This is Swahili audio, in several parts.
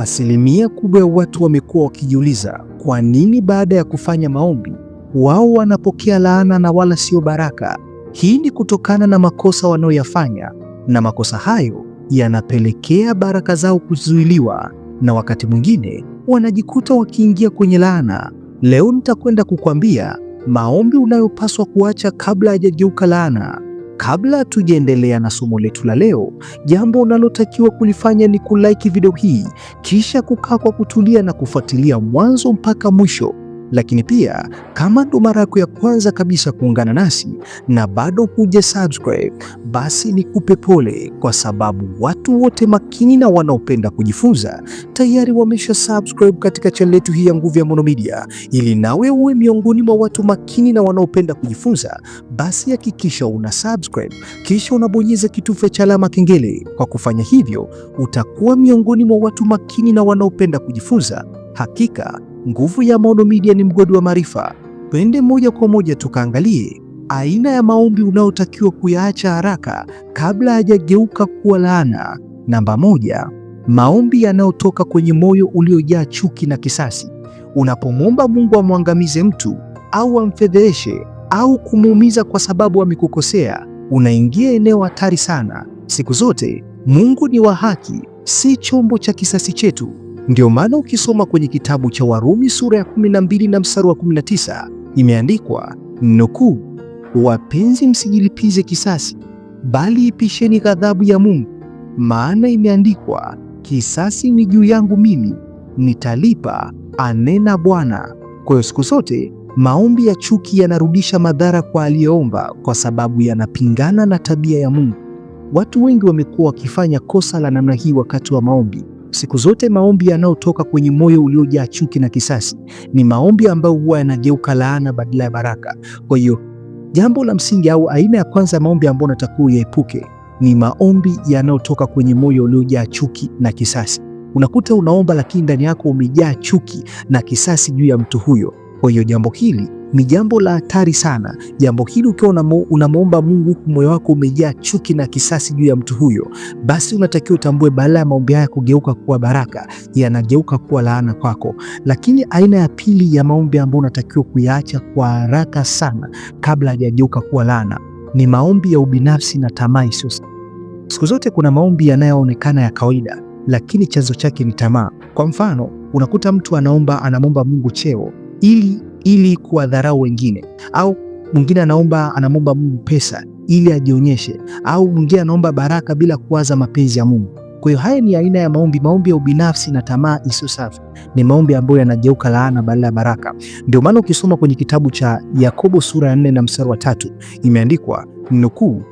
asilimia kubwa ya watu wamekuwa wakijiuliza kwa nini baada ya kufanya maombi wao wanapokea laana na wala sio baraka. Hii ni kutokana na makosa wanayoyafanya, na makosa hayo yanapelekea baraka zao kuzuiliwa, na wakati mwingine wanajikuta wakiingia kwenye laana. Leo nitakwenda kukwambia maombi unayopaswa kuacha kabla hajageuka laana. Kabla tujaendelea na somo letu la leo, jambo unalotakiwa kulifanya ni kulike video hii, kisha kukaa kwa kutulia na kufuatilia mwanzo mpaka mwisho lakini pia kama ndo mara yako ya kwanza kabisa kuungana nasi na bado huja subscribe, basi ni kupe pole, kwa sababu watu wote makini na wanaopenda kujifunza tayari wamesha subscribe katika channel yetu hii ya Nguvu ya Maono Media. Ili nawe uwe miongoni mwa watu makini na wanaopenda kujifunza, basi hakikisha una subscribe kisha unabonyeza kitufe cha alama kengele. Kwa kufanya hivyo, utakuwa miongoni mwa watu makini na wanaopenda kujifunza. Hakika Nguvu ya Maono Media ni mgodi wa maarifa. Twende moja kwa moja tukaangalie aina ya maombi unayotakiwa kuyaacha haraka kabla hajageuka kuwa laana. Namba moja, maombi yanayotoka kwenye moyo uliojaa chuki na kisasi. Unapomwomba Mungu amwangamize mtu au amfedheeshe au kumuumiza kwa sababu amekukosea, unaingia eneo hatari sana. Siku zote Mungu ni wa haki, si chombo cha kisasi chetu ndio maana ukisoma kwenye kitabu cha Warumi sura ya 12 na mstari wa 19 imeandikwa nukuu, wapenzi, msijilipize kisasi, bali ipisheni ghadhabu ya Mungu, maana imeandikwa, kisasi ni juu yangu mimi, nitalipa, anena Bwana. Kwa hiyo siku zote maombi ya chuki yanarudisha madhara kwa aliyeomba, kwa sababu yanapingana na tabia ya Mungu. Watu wengi wamekuwa wakifanya kosa la namna hii wakati wa maombi. Siku zote maombi yanayotoka kwenye moyo uliojaa chuki na kisasi ni maombi ambayo huwa yanageuka laana badala ya baraka. Kwa hiyo jambo la msingi au aina ya kwanza ya maombi ambayo unatakiwa uyaepuke ni maombi yanayotoka kwenye moyo uliojaa chuki na kisasi. Unakuta unaomba, lakini ndani yako umejaa chuki na kisasi juu ya mtu huyo. Kwa hiyo jambo hili ni jambo la hatari sana. Jambo hili ukiwa unamwomba Mungu huku moyo wako umejaa chuki na kisasi juu ya mtu huyo, basi unatakiwa utambue, badala ya maombi haya kugeuka kuwa baraka, yanageuka kuwa laana kwako. Lakini aina ya pili ya maombi ambayo unatakiwa kuyaacha kwa haraka sana kabla hajageuka kuwa laana ni maombi ya ubinafsi na tamaa isiyo. Siku zote kuna maombi yanayoonekana ya kawaida, lakini chanzo chake ni tamaa. Kwa mfano, unakuta mtu anaomba anamwomba Mungu cheo ili ili kuwadharau wengine, au mwingine anaomba anamwomba Mungu pesa ili ajionyeshe, au mwingine anaomba baraka bila kuwaza mapenzi ya Mungu. Kwa hiyo haya ni aina ya maombi, maombi ya ubinafsi na tamaa isiyo safi. Ni maombi ambayo yanageuka laana badala ya baraka. Ndio maana ukisoma kwenye kitabu cha Yakobo sura ya 4 na mstari wa tatu imeandikwa nukuu,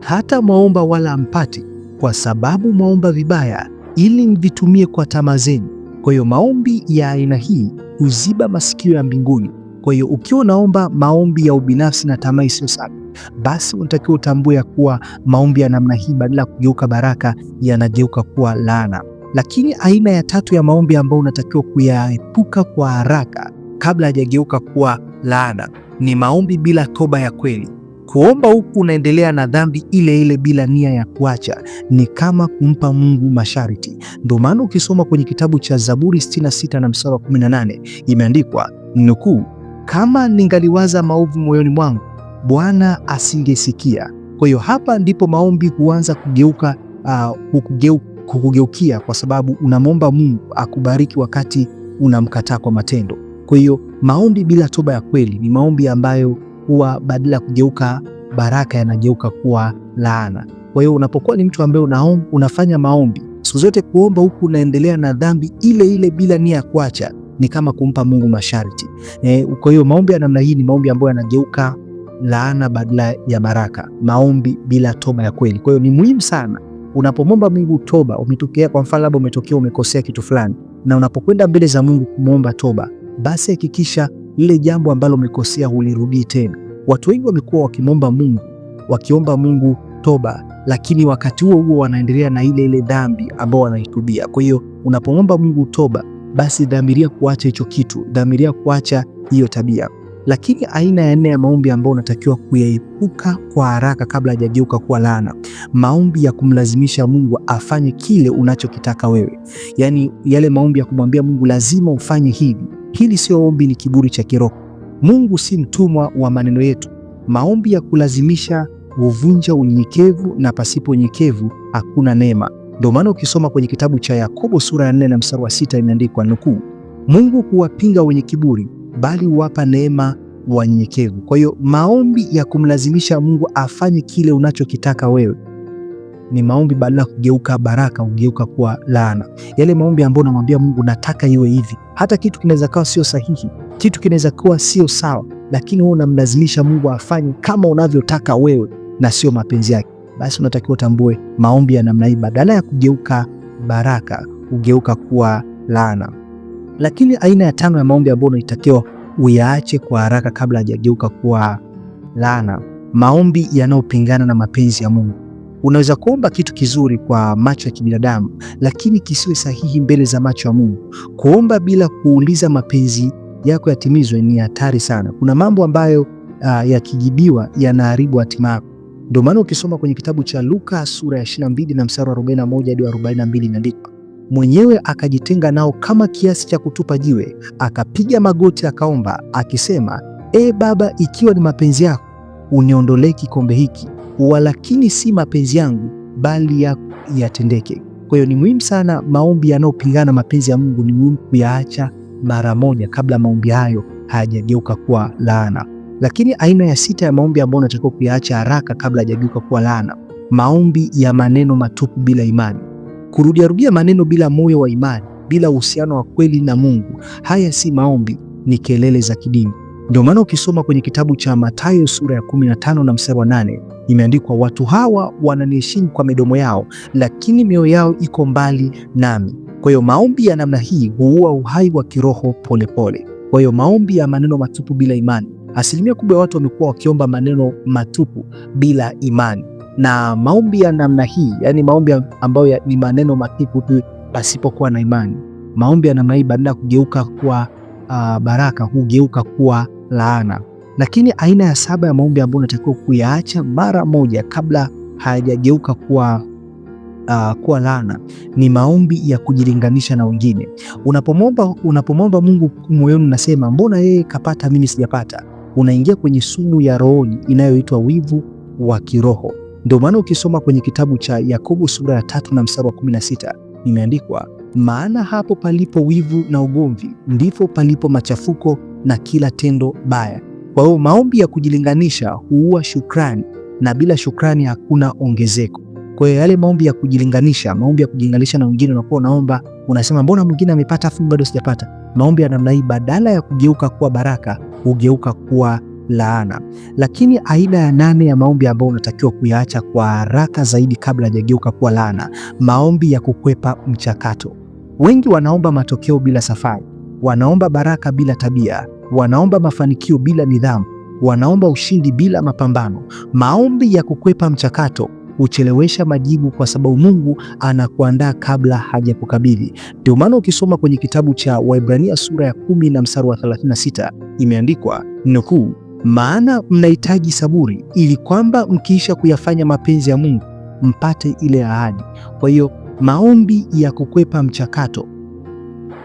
hata mwaomba wala mpati, kwa sababu mwaomba vibaya, ili mvitumie kwa tamaa zenu kwa hiyo maombi ya aina hii huziba masikio ya mbinguni. Kwa hiyo ukiwa unaomba maombi ya ubinafsi na tamaa isiyo safi, basi unatakiwa utambue ya kuwa maombi ya namna hii badala ya kugeuka baraka yanageuka kuwa laana. Lakini aina ya tatu ya maombi ambayo unatakiwa kuyaepuka kwa haraka kabla hajageuka kuwa laana ni maombi bila toba ya kweli. Kuomba huku unaendelea na dhambi ile ile bila nia ya kuacha, ni kama kumpa Mungu masharti. Ndio maana ukisoma kwenye kitabu cha Zaburi 66 na mstari wa 18 imeandikwa nukuu, kama ningaliwaza maovu moyoni mwangu, Bwana asingesikia. Kwa hiyo hapa ndipo maombi huanza kugeuka uh, ah, kugeukia kukugeukia kwa sababu unamwomba Mungu akubariki wakati unamkataa kwa matendo. Kwa hiyo maombi bila toba ya kweli ni maombi ambayo huwa badala ya kugeuka baraka yanageuka kuwa laana. Kwa hiyo unapokuwa ni mtu ambaye unaomba, unafanya maombi siku zote, kuomba huku unaendelea na dhambi ile ile bila nia ya kuacha, ni kama kumpa Mungu masharti e. Kwa hiyo maombi ya namna hii ni maombi ambayo yanageuka laana badala ya baraka, maombi bila toba ya kweli. Kwa hiyo ni muhimu sana unapomwomba Mungu toba, umetokea kwa mfano, labda umetokea umekosea kitu fulani, na unapokwenda mbele za Mungu kumwomba toba, basi hakikisha lile jambo ambalo umekosea hulirudii tena. Watu wengi wamekuwa wakimwomba Mungu, wakiomba Mungu toba, lakini wakati huo huo wanaendelea na ile ile dhambi ambao wanaitubia. Kwa hiyo unapomwomba Mungu toba, basi dhamiria kuacha hicho kitu, dhamiria kuacha hiyo tabia. Lakini aina ya nne ya maombi ambayo unatakiwa kuyaepuka kwa haraka kabla hajageuka kuwa laana, maombi ya kumlazimisha Mungu afanye kile unachokitaka wewe, yaani yale maombi ya kumwambia Mungu lazima ufanye hivi Hili sio ombi, ni kiburi cha kiroho. Mungu si mtumwa wa maneno yetu. Maombi ya kulazimisha huvunja unyenyekevu, na pasipo unyenyekevu hakuna neema. Ndio maana ukisoma kwenye kitabu cha Yakobo sura ya 4 na mstari wa 6 imeandikwa nukuu, Mungu huwapinga wenye kiburi, bali huwapa neema wanyenyekevu. Kwa hiyo maombi ya kumlazimisha Mungu afanye kile unachokitaka wewe ni maombi badala ya kugeuka baraka ugeuka kuwa laana. Yale maombi ambayo unamwambia Mungu, nataka iwe hivi, hata kitu kinaweza kuwa sio sahihi, kitu kinaweza kuwa sio sawa, lakini wewe unamlazimisha Mungu afanye kama unavyotaka wewe na sio mapenzi yake. Basi unatakiwa utambue maombi ya namna hii badala ya kugeuka baraka ugeuka kuwa laana. Lakini aina ya tano ya maombi ambayo unaitakiwa uyaache kwa haraka kabla hajageuka kuwa laana, maombi yanayopingana na mapenzi ya Mungu. Unaweza kuomba kitu kizuri kwa macho ya kibinadamu, lakini kisiwe sahihi mbele za macho ya Mungu. Kuomba bila kuuliza mapenzi yako yatimizwe ni hatari sana. Kuna mambo ambayo uh, yakijibiwa yanaharibu hatima yako. Ndio maana ukisoma kwenye kitabu cha Luka sura ya 22 na mstari wa 41 hadi 42 inaandikwa mwenyewe akajitenga nao kama kiasi cha kutupa jiwe, akapiga magoti akaomba akisema, E Baba, ikiwa ni mapenzi yako uniondolee kikombe hiki walakini si mapenzi yangu bali yatendeke. Kwa hiyo ni muhimu sana maombi yanayopingana mapenzi ya Mungu, ni muhimu kuyaacha mara moja kabla maombi hayo hayajageuka kuwa laana. Lakini aina ya sita ya maombi ambayo unatakiwa kuyaacha haraka kabla hajageuka kuwa laana, maombi ya maneno matupu bila imani, kurudiarudia maneno bila moyo wa imani, bila uhusiano wa kweli na Mungu. Haya si maombi, ni kelele za kidini. Ndio maana ukisoma kwenye kitabu cha Mathayo sura ya 15 na mstari wa 8 imeandikwa, watu hawa wananiheshimu kwa midomo yao, lakini mioyo yao iko mbali nami. Kwa hiyo maombi ya namna hii huua uhai wa kiroho polepole. Kwa hiyo maombi ya maneno matupu bila imani, asilimia kubwa ya watu wamekuwa wakiomba maneno matupu bila imani, na maombi ya namna hii, yani maombi ambayo ya, ni maneno matupu tu pasipokuwa na imani. Maombi ya namna hii badala ya kugeuka kuwa uh, baraka hugeuka kuwa laana. Lakini aina ya saba ya maombi ambayo unatakiwa kuyaacha mara moja kabla hayajageuka kuwa Uh, kuwa laana ni maombi ya kujilinganisha na wengine. Unapomomba, unapomomba Mungu moyoni unasema, mbona yeye kapata mimi sijapata? Unaingia kwenye sumu ya rohoni inayoitwa wivu wa kiroho. Ndio maana ukisoma kwenye kitabu cha Yakobo sura ya tatu na mstari wa 16 imeandikwa, maana hapo palipo wivu na ugomvi ndipo palipo machafuko na kila tendo baya. Kwa hiyo maombi ya kujilinganisha huua shukrani, na bila shukrani hakuna ongezeko. Kwa hiyo yale maombi ya kujilinganisha, maombi ya kujilinganisha na wengine, unakuwa unaomba unasema, mbona mwingine amepata afu bado sijapata? Maombi ya namna hii badala ya kugeuka kuwa baraka hugeuka kuwa laana. Lakini aina ya nane ya maombi ambayo unatakiwa kuyaacha kwa haraka zaidi kabla hajageuka kuwa laana, maombi ya kukwepa mchakato. Wengi wanaomba matokeo bila safari, wanaomba baraka bila tabia, wanaomba mafanikio bila nidhamu, wanaomba ushindi bila mapambano. Maombi ya kukwepa mchakato huchelewesha majibu, kwa sababu Mungu anakuandaa kabla hajakukabidhi. Ndio maana ukisoma kwenye kitabu cha Waibrania sura ya kumi na mstari wa 36 imeandikwa nukuu, maana mnahitaji saburi ili kwamba mkiisha kuyafanya mapenzi ya Mungu mpate ile ahadi. Kwa hiyo Maombi ya kukwepa mchakato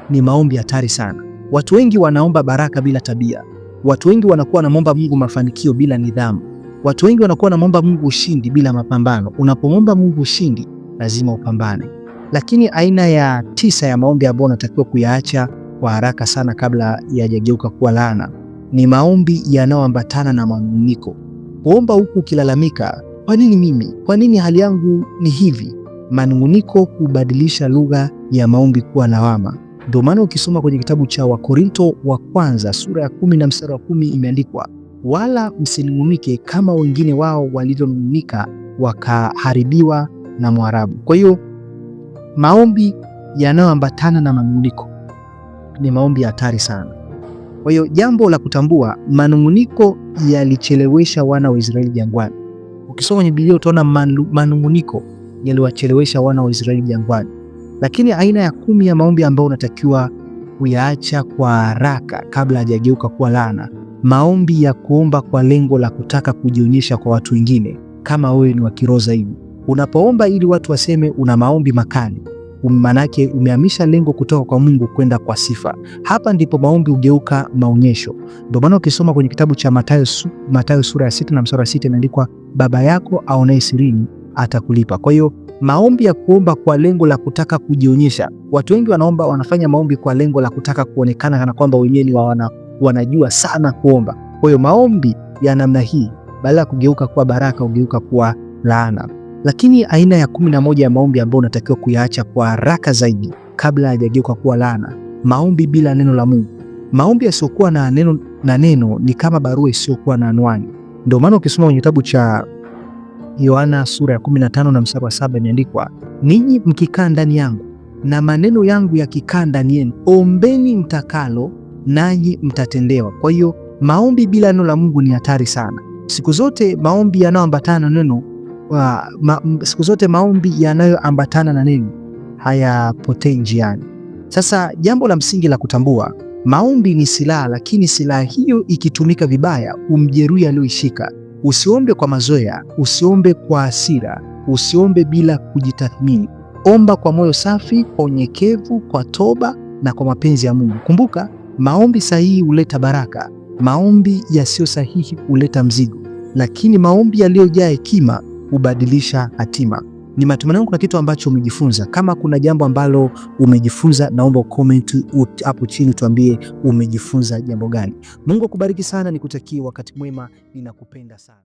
ni maombi hatari sana. Watu wengi wanaomba baraka bila tabia. Watu wengi wanakuwa wanamwomba Mungu mafanikio bila nidhamu. Watu wengi wanakuwa wanamwomba Mungu ushindi bila mapambano. Unapomwomba Mungu ushindi, lazima upambane. Lakini aina ya tisa ya maombi ambayo unatakiwa kuyaacha kwa haraka sana kabla yajageuka kuwa laana ni maombi yanayoambatana na manung'uniko. Kuomba huku ukilalamika, kwa nini mimi? Kwa nini hali yangu ni hivi? manunguniko hubadilisha lugha ya maombi kuwa lawama. Ndio maana ukisoma kwenye kitabu cha Wakorinto wa kwanza sura ya kumi na mstari wa kumi imeandikwa, wala msinungunike kama wengine wao walivyonungunika wakaharibiwa na mwarabu Kwa hiyo maombi yanayoambatana na manunguniko ni maombi hatari sana. Kwa hiyo jambo la kutambua, manunguniko yalichelewesha wana wa Israeli jangwani. Ukisoma kwenye Biblia utaona manunguniko yaliwachelewesha wana wa Israeli jangwani. Lakini aina ya kumi ya maombi ambayo unatakiwa kuyaacha kwa haraka kabla hajageuka kuwa laana, maombi ya kuomba kwa lengo la kutaka kujionyesha kwa watu wengine kama wewe ni wa kiroho zaidi. Unapoomba ili watu waseme una maombi makali, maanake um, umehamisha lengo kutoka kwa Mungu kwenda kwa sifa. Hapa ndipo maombi hugeuka maonyesho. Ndio maana ukisoma kwenye kitabu cha Mathayo, Mathayo sura ya sita na mstari wa sita imeandikwa, baba yako aonaye sirini atakulipa. Kwa hiyo maombi ya kuomba kwa lengo la kutaka kujionyesha, watu wengi wanaomba, wanafanya maombi kwa lengo la kutaka kuonekana kana kwamba wenyewe ni wana, wanajua sana kuomba. Kwa hiyo maombi ya namna hii badala ya kugeuka kuwa baraka ugeuka kuwa laana. Lakini aina ya kumi na moja ya maombi ambayo unatakiwa kuyaacha kwa haraka zaidi kabla hayajageuka kuwa laana, maombi bila neno la Mungu. Maombi yasiyokuwa na neno, na neno ni kama barua isiyokuwa na anwani. Ndio maana ukisoma kwenye kitabu cha Yohana sura ya 15 na mstari wa 7 imeandikwa, ninyi mkikaa ndani yangu na maneno yangu yakikaa ndani yenu, ombeni mtakalo, nanyi mtatendewa. Kwa hiyo maombi bila neno la Mungu ni hatari sana. Siku zote maombi yanayoambatana na neno uh, ma, siku zote maombi yanayoambatana na neno hayapotei njiani. Sasa jambo la msingi la kutambua, maombi ni silaha, lakini silaha hiyo ikitumika vibaya humjeruhi aliyoishika. Usiombe kwa mazoea, usiombe kwa hasira, usiombe bila kujitathmini. Omba kwa moyo safi, kwa unyenyekevu, kwa toba na kwa mapenzi ya Mungu. Kumbuka, maombi sahihi huleta baraka, maombi yasiyo sahihi huleta mzigo, lakini maombi yaliyojaa hekima hubadilisha hatima. Ni matumaini yangu kuna kitu ambacho umejifunza. Kama kuna jambo ambalo umejifunza, naomba comment hapo chini tuambie umejifunza jambo gani. Mungu akubariki sana, nikutakie wakati mwema, ninakupenda sana.